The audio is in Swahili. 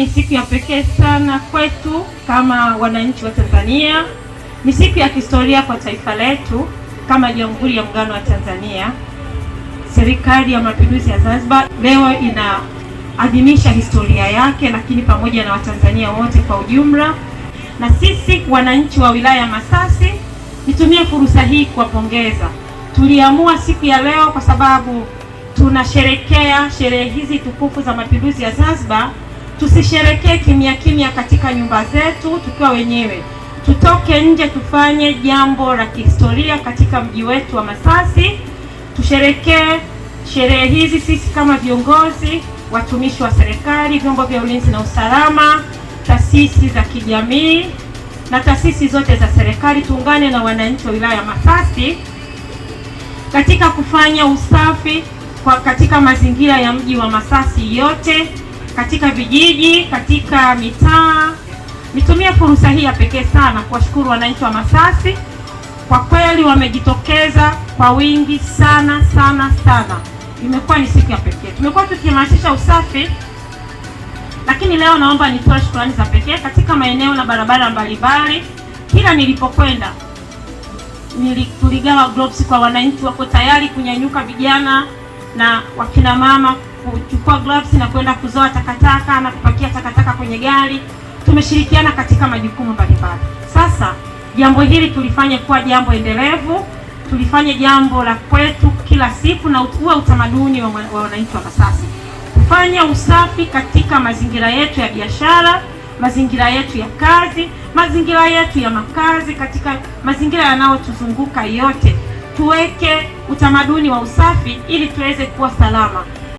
ni siku ya pekee sana kwetu kama wananchi wa Tanzania. Ni siku ya kihistoria kwa taifa letu kama Jamhuri ya Muungano wa Tanzania. Serikali ya Mapinduzi ya Zanzibar leo inaadhimisha historia yake, lakini pamoja na Watanzania wote kwa ujumla. Na sisi wananchi wa wilaya ya Masasi, nitumie fursa hii kuwapongeza. Tuliamua siku ya leo kwa sababu tunasherekea sherehe hizi tukufu za Mapinduzi ya Zanzibar Tusisherekee kimya kimya katika nyumba zetu tukiwa wenyewe, tutoke nje, tufanye jambo la kihistoria katika mji wetu wa Masasi. Tusherekee sherehe hizi sisi kama viongozi, watumishi wa serikali, vyombo vya ulinzi na usalama, taasisi za kijamii na taasisi zote za serikali, tuungane na wananchi wa wilaya ya Masasi katika kufanya usafi kwa katika mazingira ya mji wa Masasi yote katika vijiji, katika mitaa. Nitumie fursa hii ya pekee sana kuwashukuru wananchi wa Masasi, kwa kweli wamejitokeza kwa wingi sana sana sana. Imekuwa ni siku ya pekee, tumekuwa tukihamasisha usafi, lakini leo naomba nitoe shukrani za pekee katika maeneo na barabara mbalimbali. Kila nilipokwenda tuligawa gloves kwa wananchi, wako tayari kunyanyuka, vijana na wakina mama kuchukua gloves na kwenda kuzoa takataka na kupakia takataka kwenye gari. Tumeshirikiana katika majukumu mbalimbali. Sasa jambo hili tulifanye kuwa jambo endelevu, tulifanye jambo la kwetu kila siku, na ukua utamaduni wa wananchi wa Masasi kufanya usafi katika mazingira yetu ya biashara, mazingira yetu ya kazi, mazingira yetu ya makazi, katika mazingira yanayotuzunguka yote, tuweke utamaduni wa usafi ili tuweze kuwa salama.